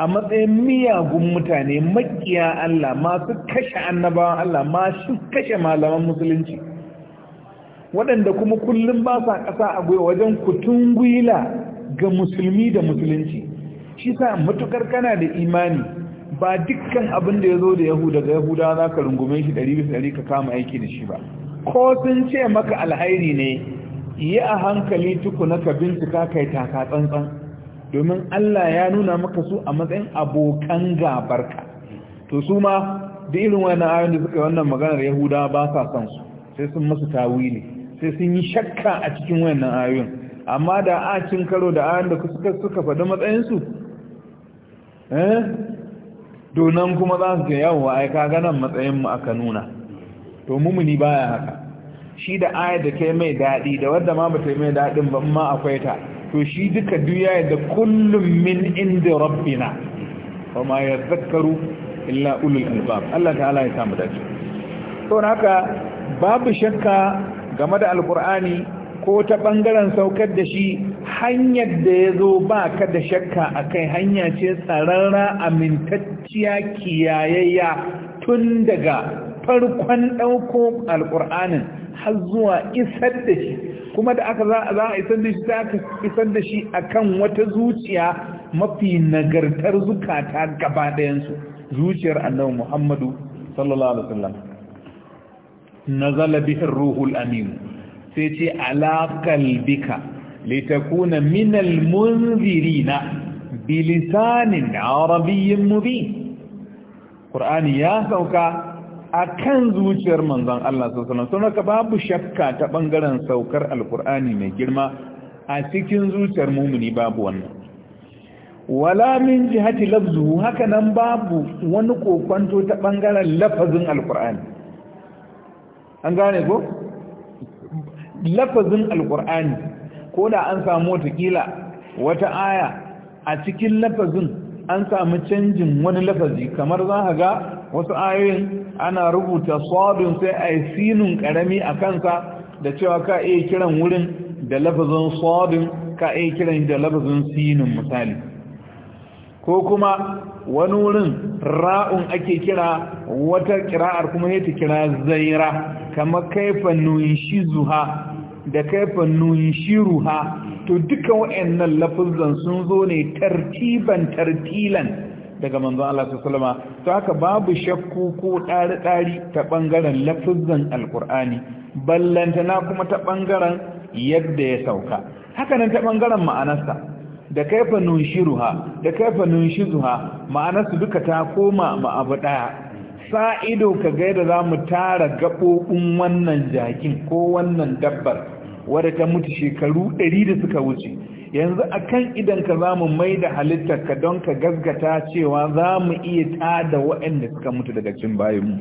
a matsayin miyagun mutane makiya Allah masu kashe annabawan Allah masu kashe malaman musulunci waɗanda kuma kullum ba sa ƙasa a gwiwa wajen kutun gwila ga musulmi da musulunci shi sa matukar kana da imani ba dukkan abin da ya zo da yahu daga yahuda za ka rungume shi ɗari bisa ɗari ka kama aiki da shi ba ko sun ce maka alhairi ne yi a hankali tukuna ka bincika kai taka tsantsan domin allah ya nuna maka su a matsayin abokan gabarka to su ma da irin wani ayon da suka yi wannan maganar yahuda ba sa son su sai sun masu tawili sai sun yi shakka a cikin wannan ayoyin amma da a cin karo da ayoyin da suka suka faɗi matsayinsu eh donan kuma za su ce yawwa ai ka ganan matsayinmu aka nuna to mumuni baya haka shi da ayar da ke mai daɗi da wadda ma ba ta mai daɗin ba ma akwai ta to shi duka duya da kullum min inda rabbina wa ma ya zakaru illa ulul albab Allah ta'ala ya samu dace to haka babu shakka game da alkur'ani ko ta ɓangaren saukar da shi hanyar da ya zo ba ka da shakka a kai hanya ce tsararra amintacciya kiyayayya tun daga farkon ɗauko alkur'anin har zuwa isar da shi kuma da aka za a isar da shi za ka isar da shi akan wata zuciya mafi nagartar zukata gaba ɗayansu zuciyar annabi muhammadu sallallahu alaihi wasallam nazala bihin ruhul aminu sai ce alaƙal bika litakuna minal na bilisanin arabiyyin mubi ƙur'ani ya sauka a kan zuciyar manzan Allah sassanan sun haka babu shakka ta ɓangaren saukar alƙur'ani mai girma a cikin zuciyar mumuni babu wannan wala min jihati lafzu haka nan babu wani kokwanto ta ɓangaren lafazin alƙur'ani an gane ko lafazin alkur'ani ko da an samu watakila wata aya a cikin lafazin an samu canjin wani lafazi kamar za ka ga wasu ayoyin ana rubuta sabin sai a yi sinun karami a kansa da cewa ka iya kiran wurin da lafazin sabin ka iya kiran da lafazin sinun misali ko kuma wani wurin ra'un ake kira wata kira'ar kuma ya kira zaira kamar shi zuha da shi ruha, to duka wa'annan lafazan sun zo ne tartiban tartilan daga manzon Allah sallama to haka babu shakku ko ɗari-ɗari ta ɓangaren lafizan alkur'ani ballantana kuma ta ɓangaren yadda ya sauka Hakanan ta ɓangaren ma'anarsa da kaifa nunshiruha da kaifa nunshizuha ma'ana su duka ta koma ma abu daya sa ido ka ga yadda zamu tara gabobin wannan jakin ko wannan dabbar wadda ta mutu shekaru ɗari da suka wuce yanzu akan idan ka zamu mai da halittar ka don ka gaskata cewa zamu iya tada waɗanda suka mutu daga cikin bayanmu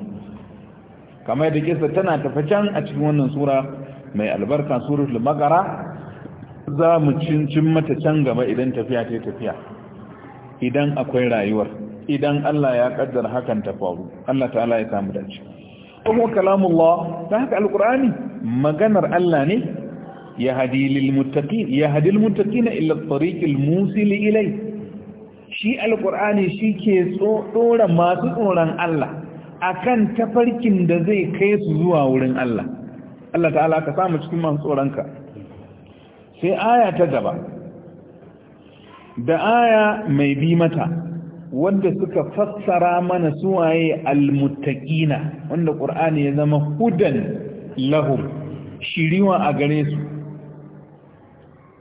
kamar da kisa tana tafi a cikin wannan sura mai albarka suratul magara za mu cincin mata can gaba idan tafiya ta tafiya idan akwai rayuwar idan Allah ya kaddar hakan ta faru Allah ta'ala ya samu dace kuma kalamullah ta haka alqur'ani maganar Allah ne ya hadi lil muttaqin ya hadi lil muttaqin illa at-tariq al-musil ilay shi alqur'ani shike dora masu tsoron Allah akan tafarkin da zai kai su zuwa wurin Allah Allah ta'ala ka samu cikin masu tsoronka sai aya ta gaba da aya mai bi mata wanda suka fassara mana suwaye almuttaqina wanda qur'ani ya zama hudan lahum shiriwa a gare su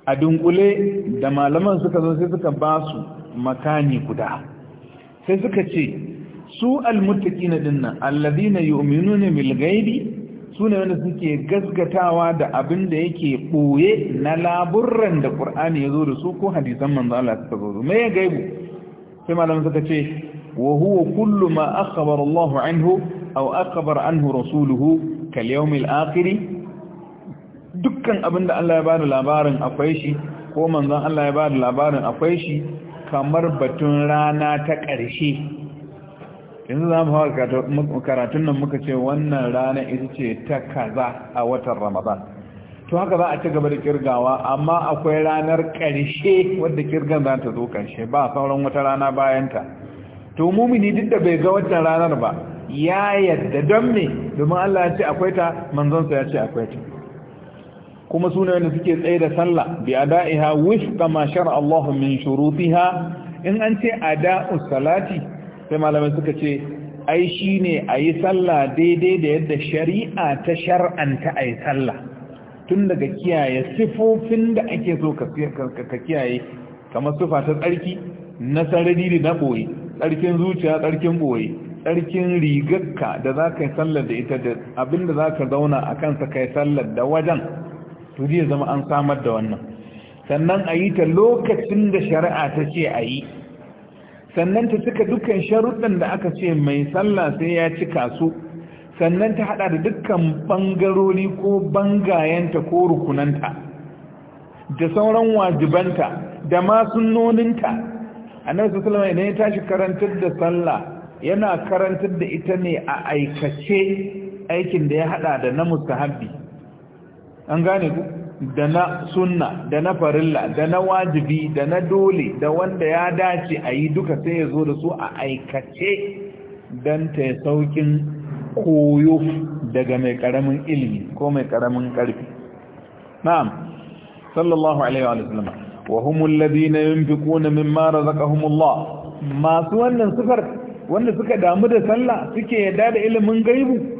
a dunkule da malaman suka zo sai suka ba su makani guda sai suka ce su almuttaqina dinnan alladhina yu'minuna bil ghaibi su ne wanda suke gasgatawa da abin da yake ɓoye na laburan da ƙur'ani ya zo da su ko hadisan manzo Allah suka zo zo mai gaibu sai malamin suka ce wa huwa kullu ma akhbara Allah anhu aw akhbara anhu rasuluhu kal yawmil akhir dukkan abin da Allah ya bada labarin akwai shi ko manzo Allah ya bada labarin akwai shi kamar batun rana ta ƙarshe yanzu za mu hawa karatun nan muka ce wannan rana ita ce ta kaza a watan ramadan to haka za a ci gaba da kirgawa amma akwai ranar karshe wadda kirgan za ta zo karshe ba sauran wata rana bayanta to mumini duk da bai ga wata ranar ba ya yadda don me domin Allah ya ce akwai ta manzonsa ya ce akwai ta kuma suna wanda suke tsaye da sallah bi ada'iha wifqa ma shar'a Allah min shurutiha in an ce ada'us salati sai malamai suka ce ai shi ne a yi sallah daidai da yadda shari'a ta shar'anta a yi sallah tun daga kiyaye sifofin da ake so ka kiyaye kamar sufa ta tsarki na sarari da na ɓoye tsarkin zuciya tsarkin ɓoye tsarkin rigarka da za ka yi sallar da ita da abin da za ka zauna a kansa ka yi sallar da wajen to zai zama an samar da wannan sannan a yi ta lokacin da shari'a ta ce a yi sannan ta cika dukkan sharuɗin da aka ce mai sallah sai ya cika su sannan ta haɗa da dukkan ɓangarori, ko bangayenta ko rukunanta da sauran wajibanta da noninta A nan su salama idan ya tashi karantar da sallah yana karantar da ita ne a aikace aikin da ya haɗa da na musa-habbi. an gane ku da na sunna da na farilla da na wajibi da na dole da wanda ya dace a yi duka sai ya zo da su a aikace don ta yi saukin koyo daga mai karamin ilimi ko mai karamin karfi na'am sallallahu alaihi wa sallam wa humul ladina yunfiquna mimma razaqahumullah masu wannan sifar wanda suka damu da sallah suke yadda da ilimin gaibu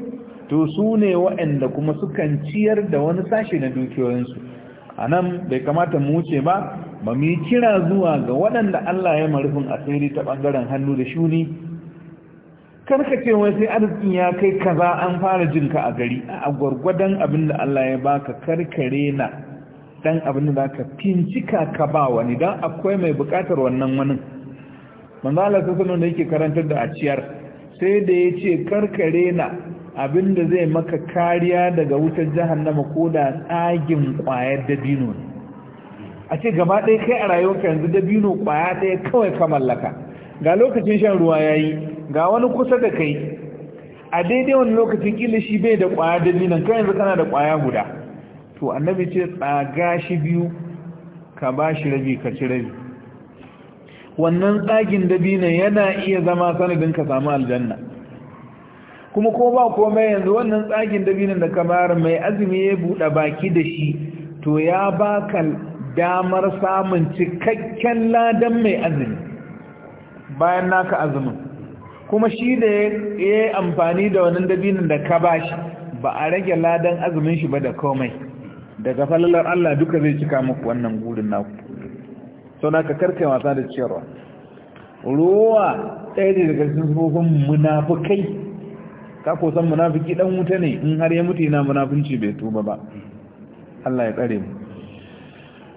to su ne waɗanda kuma sukan ciyar da wani sashe na dukiyoyinsu a nan bai kamata mu wuce ba ba mu kira zuwa ga waɗanda Allah ya marufin asiri ta ɓangaren hannu da shuni ce wai sai arzikin ya kai kaza an fara jin ka a gari a gwargwadon abin da Allah ya baka karkare na dan abin da ka fincika ka ba wani dan akwai mai bukatar wannan wani manzala Allah da yake karantar da a ciyar sai da ya ce karkare na abinda zai maka kariya daga wutar jahannama ko da tsagin kwayar dabino ne a ce gaba ɗaya kai a rayuwarka yanzu dabino kwaya ɗaya kawai ka mallaka ga lokacin shan ruwa ya yi ga wani kusa da kai a daidai wani lokacin kila shi bai da kwaya dabino kai yanzu kana da kwaya guda to annabi ce tsaga shi biyu ka ba shi rabi ka ci rabi wannan tsagin dabino yana iya zama sanadin ka samu aljanna kuma ko ba komai yanzu wannan tsagin dabinin da kamar mai azumi ya buɗe baki da shi to ya baka damar samun cikakken ladan mai azumi bayan naka azumin kuma shi da ya amfani da wannan dabinin da ka ba shi, ba a rage ladan azumin shi ba da komai daga falalar Allah duka zai cika muku wannan gurin naku sau na ka karkai wasa da ciyarwa ruwa ɗaya daga cikin sufofin munafukai ka ko san munafiki dan wuta ne in har ya mutu yana munafunci bai tuba ba Allah ya tsare mu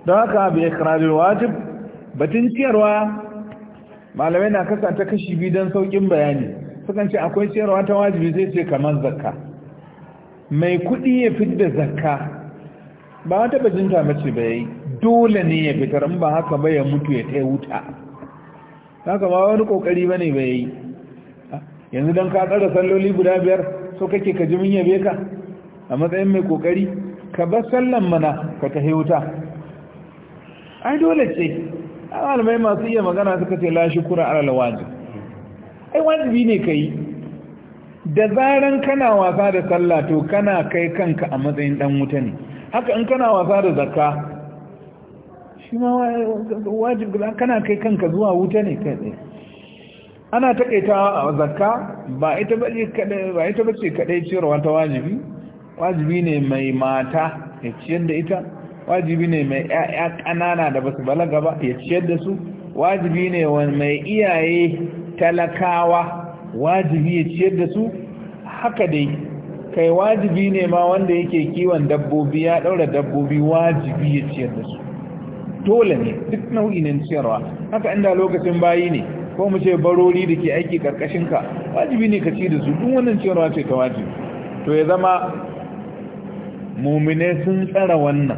don haka bi ikrarul wajib batun ciyarwa malamai na kasa ta kashi biyu don saukin bayani sukan ce akwai ciyarwa ta wajibi zai ce kamar zakka mai kuɗi ya fidda zakka ba wata bajinta mace ba yi dole ne ya fitar in ba haka ba ya mutu ya tai wuta haka ba wani kokari bane ba yayi yanzu don ka tsara salloli guda biyar so kake ka ji yabe ka a matsayin mai kokari ka bar sallan mana ka tahi wuta ai dole ce malamai masu iya magana suka ce la shukura ala wajib ai wajibi ne ka yi. da zaran kana wasa da sallah to kana kai kanka a matsayin dan wuta ne haka in kana wasa da zakka shi ma wajib kana kai kanka zuwa wuta ne kai tsaye ana takaitawa a zakka ba ita bace kadai ba ita bace kadai ciyarwa ta wajibi wajibi ne mai mata ya ciyar da ita wajibi ne mai ƴaƴa ƙanana da basu balaga ba ya ciyar da su wajibi ne mai iyaye talakawa wajibi ya ciyar da su haka dai kai wajibi ne ma wanda yake kiwon dabbobi ya daura dabbobi wajibi ya ciyar da su dole ne duk nau'in ciyarwa haka inda lokacin bayi ne ko mu ce barori da ke aiki ka wajibi ne ka ci da su duk wannan cewa ce ta wajibi to ya zama mumine sun tsara wannan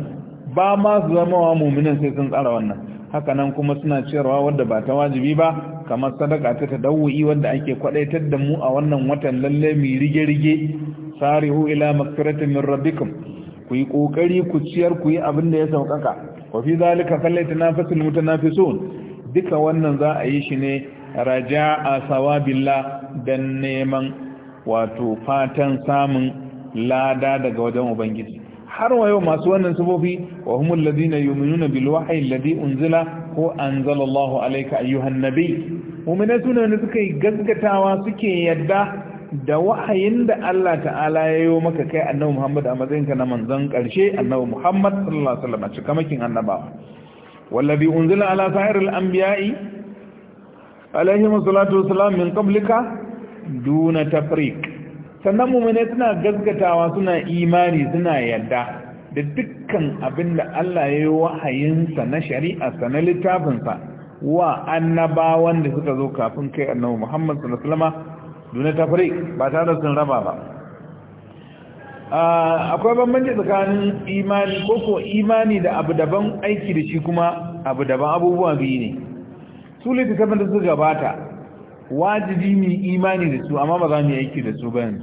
ba ma su zama wa muminin sai sun tsara wannan haka nan kuma suna cewa wadda ba ta wajibi ba kamar sadaka ta tadawwi wanda ake kwadaitar da mu a wannan watan lalle mai rige-rige sarihu ila maghfiratin min rabbikum ku yi kokari ku ciyar ku yi abin da ya saukaka wa fi zalika fallaita nafasul mutanafisun duka wannan za a yi shi ne raja a sawabillah don neman wato fatan samun lada daga wajen ubangiji har wa masu wannan sabobi wa humul ladina yu'minuna bil wahyi alladhi unzila ko anzalallahu alayka ayyuhan nabi mu'mina suna ne suka yi gaskatawa suke yadda da wahayin da Allah ta'ala ya yi maka kai annabi Muhammad a matsayinka na manzon karshe annabi Muhammad sallallahu alaihi wasallam kamakin annabawa wallazi unzila ala sa'iril anbiya'i alaihi wassalatu wassalam min qablika duna tafriq sannan mu'mini suna gaskatawa suna imani suna yadda da dukkan abinda Allah ya yi wahayinsa na shari'arsa na littafinsa wa annabawan da suka zo kafin kai annabi Muhammad sallallahu alaihi wasallama duna tafriq ba tare da sun raba ba akwai bambanci tsakanin imani ko ko imani da abu daban aiki da shi kuma abu daban abubuwa biyu ne su littattafan da su gabata wajibi mai imani da su amma ba za mu aiki da su ba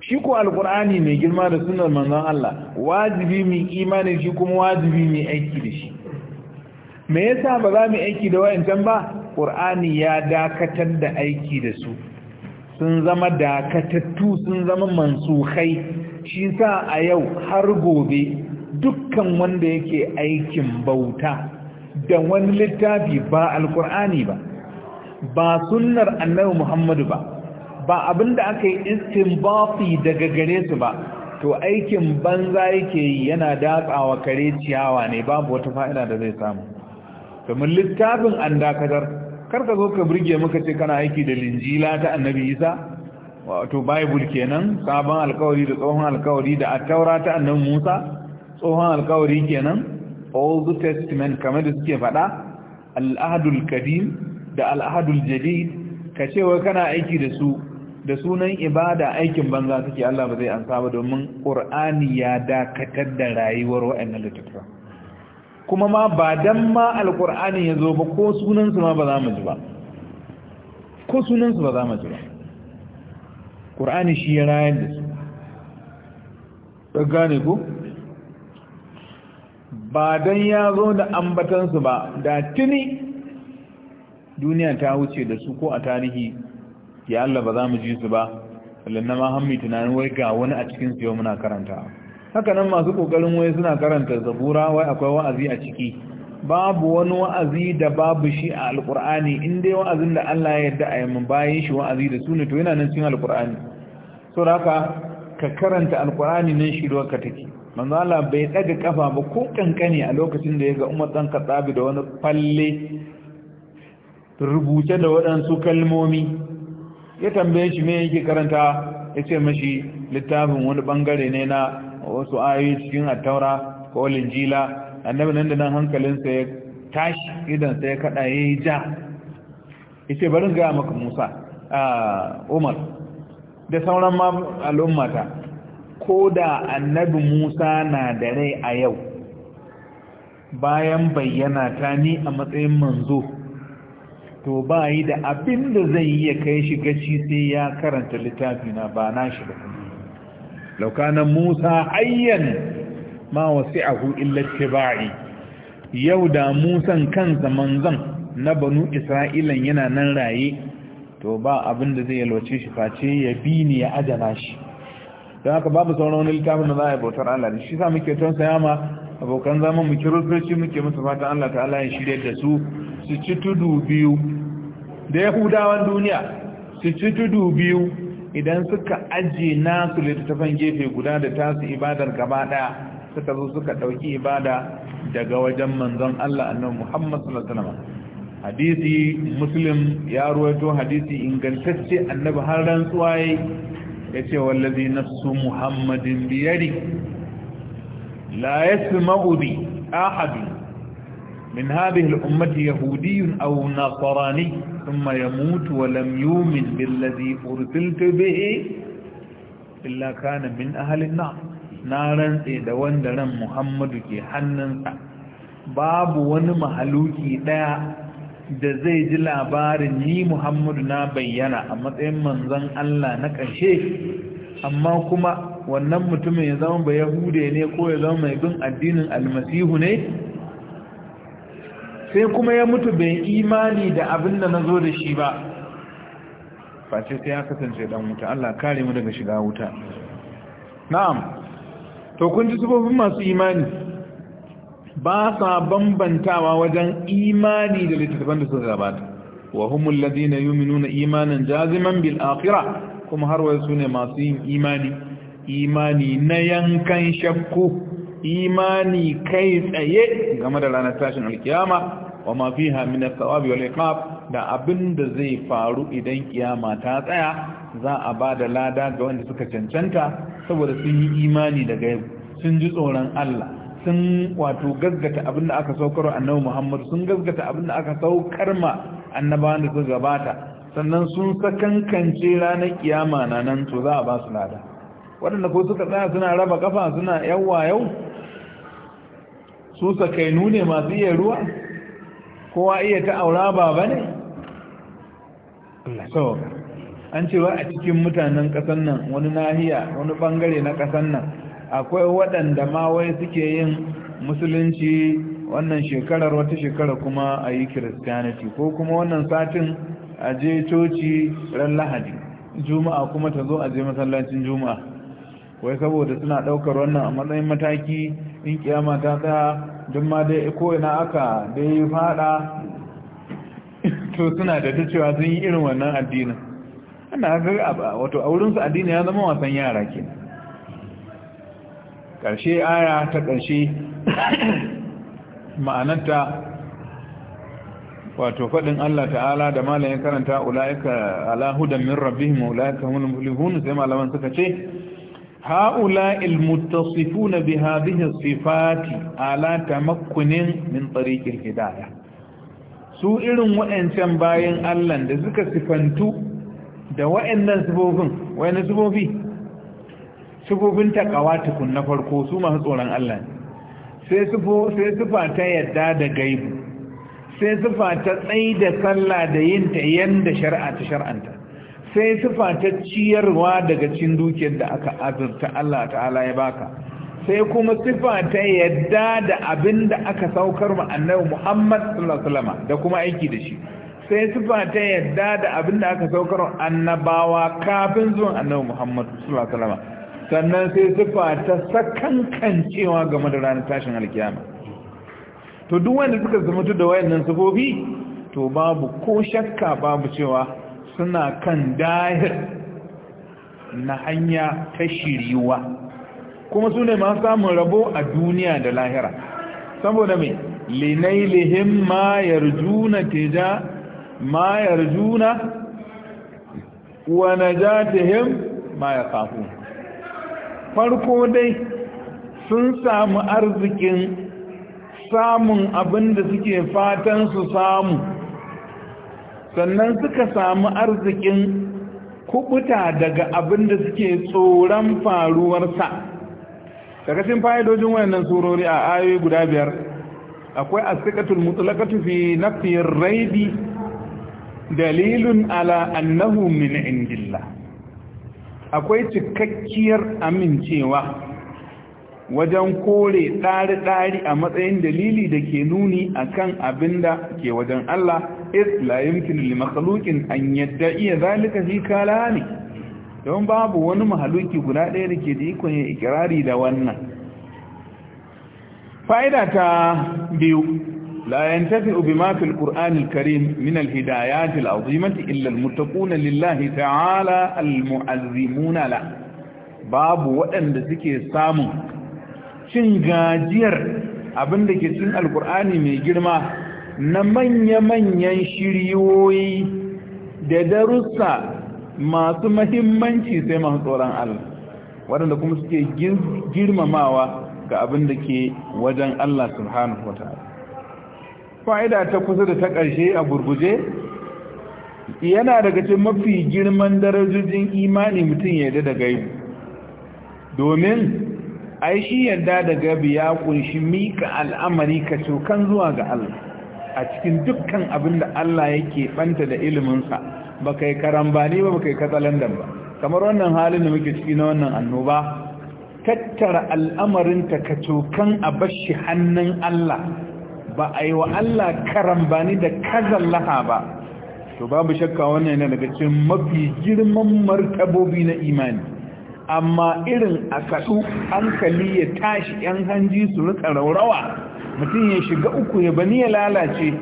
shi ko alkur'ani mai girma da sunar manzon Allah wajibi mai imani da shi kuma wajibi mai aiki da shi me yasa ba za mu aiki da wayancan ba qur'ani ya dakatar da aiki da su sun zama dakatattu sun zama mansukai shi sa a yau har gobe dukkan wanda yake aikin bauta da wani littafi ba alkur'ani ba ba sunnar annabi muhammadu ba ba abinda aka yi bafi daga gare su ba to aikin banza yake yi yana datsawa kare ciyawa ne babu wata fa'ida da zai samu domin littafin an dakatar Kar ka zo ka burge muka ce kana aiki da linjila ta annabi isa wato bible kenan sabon alkawari da tsohon alkawari da attaura ta annabi musa tsohon alkawari kenan old testament kamar da suke faɗa al'adul kadim da al'adul jadid ka ce wai kana aiki da su da sunan ibada aikin banza suke Allah ba zai ansa ba domin ƙur'ani ya dakatar da rayuwar waɗannan littattafan kuma ma ba dan ma alkur'ani ya zo ba ko sunansu ma ba za mu ji ba ko sunansu ba za mu ji ba ƙur'ani shi ya rayar da su ɗan gane ko ba dan ya zo da ambatansu ba da tuni duniya ta wuce da su ko a tarihi ya Allah ba za mu ji su ba na ma hammi tunanin wai ga wani a cikin su yau muna karanta haka nan masu kokarin wai suna karanta zabura wai akwai wa'azi a ciki babu wani wa'azi da babu shi a alkur'ani in dai wa'azin da Allah ya yarda a yamma bayan shi wa'azi da suna to yana nan cikin alkur'ani so haka ka karanta alkur'ani nan shi da ka take manzo Allah bai ɗaga kafa ba ko kankane a lokacin da ya ga Umar dan katsabi da wani falle rubuce da waɗansu kalmomi ya tambaye shi me yake karanta ya ce mashi littafin wani bangare ne na wasu ayoyi cikin attaura ko linjila annabi nan da nan hankalinsa ya tashi idansa ya kada ya yi ja ita barin gaya maka musa a umar da sauran ma al'ummata ko da annabi musa na da rai a yau bayan bayyana ta ni a matsayin manzo to ba yi da abin da zai yi ya kai shi gaci sai ya karanta littafi na ba na shi da kuma لو كان موسى حيا ما وسعه الا اتباعي يودا موسى كان منزن نبنو yana ينا raye to ba abin da zai yalwace shi face ya bi ni ya adana shi don haka babu sauran wani littafin da za a yi bautar Allah da shi sa muke ton saya ma abokan zama mu kiristoci muke musu fatan Allah ta'ala ya shirya da su su ci tudu biyu da yahudawan duniya su ci tudu biyu idan suka ajiye nasu littattafan gefe guda da tasu ibadar gaba daya suka zo suka ɗauki ibada daga wajen manzon Allah annabi Muhammad sallallahu alaihi wasallam hadisi muslim ya ruwaito hadisi ingantacce annabi har rantsuwa yace wallazi nafsu muhammadin biyadi la yasma'u bi ahadin من هذه الأمة يهودي أو نصراني ثم يموت ولم يؤمن بالذي أرسلت به إلا كان من أهل النار نارا إدوان درم محمد كي حنن باب ونم حلوكي دا da zai ji labarin ni Muhammadu na bayyana a matsayin manzon Allah na ƙarshe amma kuma wannan mutumin ya zama ba Yahude ne ko ya zama mai bin addinin almasihu ne sai kuma ya mutu bai imani da abin da na zo da shi ba face sai ya kasance dan wuta Allah kare mu daga shiga wuta na'am to kun ji sufofin masu imani ba sa bambantawa wajen imani da littattafan da suka gabata wa humul ladina yu'minuna imanan jaziman bil akhirah kuma har wa sune masu yin imani imani na yankan shakku imani kai tsaye game da ranar tashin alkiyama wa ma fiha min wal iqab da abinda zai faru idan kiyama ta tsaya za a ba da lada ga wanda suka cancanta saboda sun yi imani daga yau sun ji tsoron Allah sun wato gaggata abinda aka saukar annabi Muhammad sun gaggata abinda aka saukar ma annabawan da suka gabata sannan sun sakankance ranar kiyama na nan to za a ba su lada waɗanda ko suka tsaya suna raba kafa suna yawa yau su kai ne masu iya ruwa kowa iya ta aura ba ne an cewa a cikin mutanen ƙasan nan wani nahiya wani bangare na ƙasan nan akwai waɗanda ma wai suke yin musulunci wannan shekarar wata shekara kuma a yi kiristiyaniti ko kuma wannan satin a je coci ran lahadi juma'a kuma ta zo a je masallacin juma'a wai saboda suna ɗaukar wannan a matsayin mataki in kiyama ta tsaya don ma dai ko ina aka dai fada to suna da ta cewa sun yi irin wannan addinin ana ga wato a wurinsu addini ya zama wasan yara ke ƙarshe aya ta ƙarshe ma'anarta wato faɗin Allah ta'ala da malayin karanta ula'ika ala hudan min rabbihim ula'ika humul muflihun sai malaman suka ce هؤلاء المتصفون بهذه الصفات على تمكن من طريق الهداية su irin waɗancan bayan Allah da suka sifantu da waɗannan sifofin waɗannan sifofi sifofin takawa tukun na farko su masu tsoron Allah sai sifa ta yadda da gaibu sai sifa ta tsaye da sallah da yin ta yanda shari'a ta shari'anta sai sufa ta ciyarwa daga cin dukiyar da aka azurta Allah ta'ala ya baka sai kuma sufa ta yadda da abin da aka saukar ma annabi Muhammad sallallahu da kuma aiki da shi sai sufa ta yadda da abin da aka saukar annabawa kafin zuwan annabi Muhammad sallallahu alaihi sannan sai sufa ta sakankancewa game da ranar tashin alkiyama to duk wanda suka zama da wayannan sifofi to babu ko shakka babu cewa suna kan dahir na hanya ta shiriwa kuma su ne masu samun rabo a duniya da lahira saboda mai linailihim ma yarjuna teja ma yarjuna wa najatihim ma ya kafu farko dai sun samu arzikin samun abin da suke fatan su samu sannan suka samu arzikin kubuta daga abin da suke tsoron faruwarsa cikin fa'idojin wayannan surori a ayoyi guda biyar akwai asikatul mutulakatu fi nafi raibi dalilun ala annahu min indillah akwai cikakkiyar amincewa wajen kore ɗari-ɗari a matsayin dalili da ke nuni a kan abin da ke wajen Allah is la yumkin an yadda iya zalika fi ne don babu wani mahaluki guda ɗaya da ke da ikon ya ikirari da wannan fa'ida ta biyu la yantafi bi ma qur'an karim minal al azimati illa al lillahi ta'ala al mu'azzimuna la babu waɗanda suke samun cin gajiyar abin da ke cin alkur'ani mai girma na manya-manyan shiriyoyi da darussa masu mahimmanci sai masu tsoron Allah waɗanda kuma suke girmamawa ga abin da ke wajen Allah subhanahu wa fa'ida ta kusa da ta ƙarshe a gurguje yana daga cikin mafi girman darajojin imani mutum ya da gaibu domin ai shi yadda da gabi ya kunshi mika al'amari ka cokan zuwa ga Allah a cikin dukkan abin da Allah yake banta da iliminsa ba kai karambani ba ba kai katsalandan ba kamar wannan halin da muke ciki na wannan annoba tattara al'amarinta ka cokan a bashi hannun Allah ba a yi wa Allah karambani da kazallaha ba to babu shakka wannan yana daga cikin mafi girman martabobi na imani amma irin a kaɗu hankali ya tashi 'yan hanji su rika raurawa mutum ya shiga uku ya bani ya lalace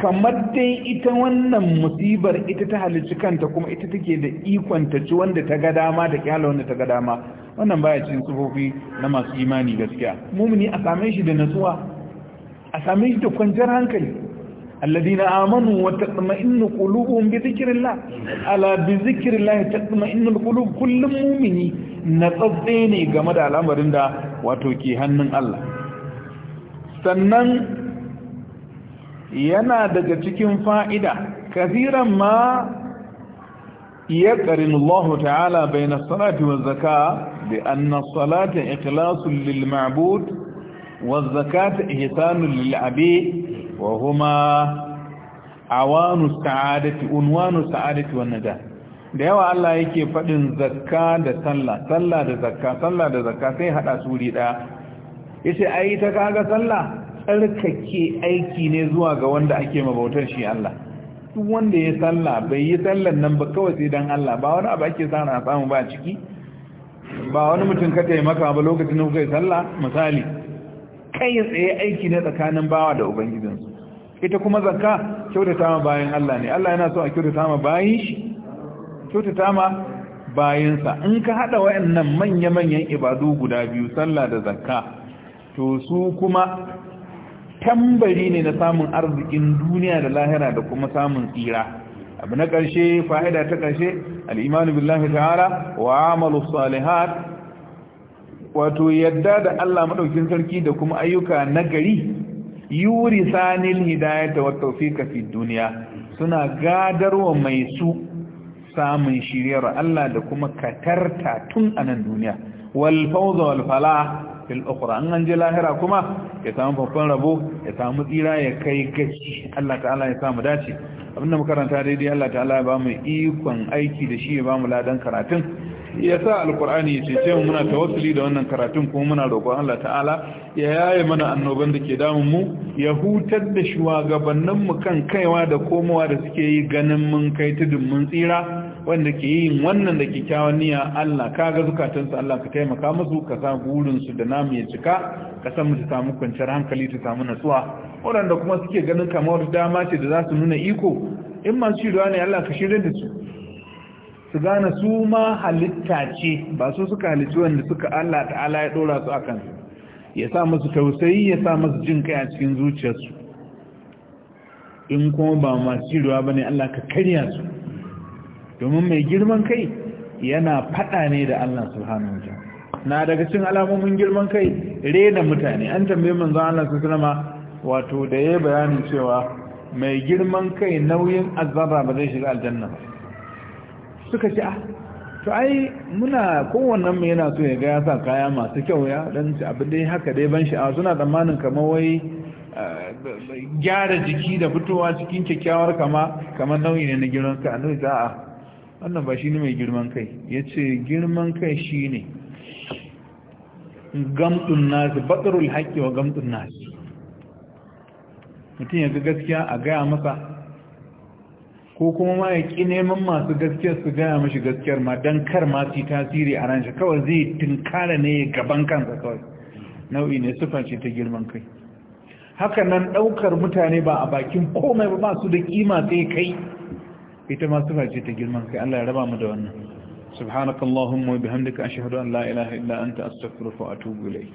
kamar dai ita wannan musibar ita ta halicci kanta kuma ita take da ikon ta ci wanda ta ga dama da kyala wanda ta ga dama wannan baya cin tsofofi na masu imani gaskiya mumuni a same shi da natsuwa a same shi da kwanciyar hankali الذين آمنوا وتطمئن قلوبهم بذكر الله ألا بذكر الله تطمئن القلوب كل مؤمني نتصيني game da al'amarin da wato ke hannun Allah sannan yana daga cikin fa'ida kafiran ma ya ƙarin ta'ala baina na salati wa zaka da annan salatin ikhlasun lil ma'bud wa zakata ihsanun lil wa عوان السعادة عنوان السعادة والنجاة da yawa Allah yake faɗin zakka da sallah sallah da zakka sallah da zakka sai hada su wuri daya yace ai ta kaga sallah tsarkake aiki ne zuwa ga wanda ake mabautar shi Allah duk wanda ya sallah bai yi sallan nan ba kawai sai dan Allah ba wani abu ake sana a samu ba ciki ba wani mutum ka taimaka ba lokacin da kuka yi sallah misali kai tsaye aiki ne tsakanin bawa da ubangijinsu ita kuma zakka kyautata ma bayan Allah ne Allah yana so a kyautata ma bayin shi kyautata ma bayinsa in ka hada wayannan manya-manyan ibadu guda biyu sallah da zakka to su kuma tambari ne na samun arzikin duniya da lahira da kuma samun tsira abu na karshe fa'ida ta al al'imanu billahi ta'ala wa amalu salihat wato yadda da Allah maɗaukin sarki da kuma ayyuka nagari yuri sanil hidayata wa tawfiqa fi duniya suna gadarwa mai su samun shiriyar Allah da kuma katarta tun a nan duniya wal fawza wal fil ukhra an je lahira kuma ya samu babban rabo ya samu tsira ya kai gaci Allah ta'ala ya samu dace abinda makaranta karanta daidai Allah ta'ala ya ba mu ikon aiki da shi ya ba mu ladan karatun ya sa alkur'ani ya cece mu muna tawassuli da wannan karatun kuma muna roƙon Allah ta'ala ya yaye mana annoban da ke damun mu ya hutar da shugabannin mu kan kaiwa da komowa da suke yi ganin mun kai tudun mun tsira wanda ke yin wannan da ke kyawun niyya Allah ka ga zukatansu Allah ka taimaka musu ka sa burin su da namu ya cika ka san mu ta samu kwanciyar hankali ta samu natsuwa waɗanda kuma suke ganin kamar dama ce da za su nuna iko in masu shirya ne Allah ka shirya da su su gane su ma halitta ce ba su suka halittu wanda suka Allah ta'ala ya dora su akan ya sa musu tausayi ya sa musu jin kai a cikin zuciyarsu in kuma ba masu cirewa ba ne Allah ka karya su domin mai girman kai yana fada ne da Allah subhanahu wa na daga cikin alamomin girman kai rena mutane an tambaye manzo Allah sallallahu alaihi wato da yayi bayanin cewa mai girman kai nauyin azaba ba zai shiga aljanna ba suka ce a ah, to ai muna kowannen mu yana so ya ga ya sa kaya masu kyau ya dan ci abu dai haka dai ban sha'awa suna tsammanin kamar wai eh, gyara jiki da fitowa cikin kyakkyawar kama kamar nauyi ne na girman kai annabi ta a wannan ba shi ne mai girman kai yace girman kai shi ne. gamdun nasi batsarul haƙƙi wa gamdun nasi mutum ya ga gaskiya a gaya masa ko kuma ma ya ƙi neman masu gaskiyar su gaya mashi gaskiyar ma don kar ma su tasiri a ranar kawai zai tunkara ne gaban kansa kawai nau'i ne sufan ce ta girman kai haka nan ɗaukar mutane ba a bakin komai ba su da ƙima sai kai ita ma su ce ta girman kai Allah ya raba mu da wannan subhanakallahumma wa bihamdika ashhadu an la ilaha illa anta astaghfiruka wa atubu ilayk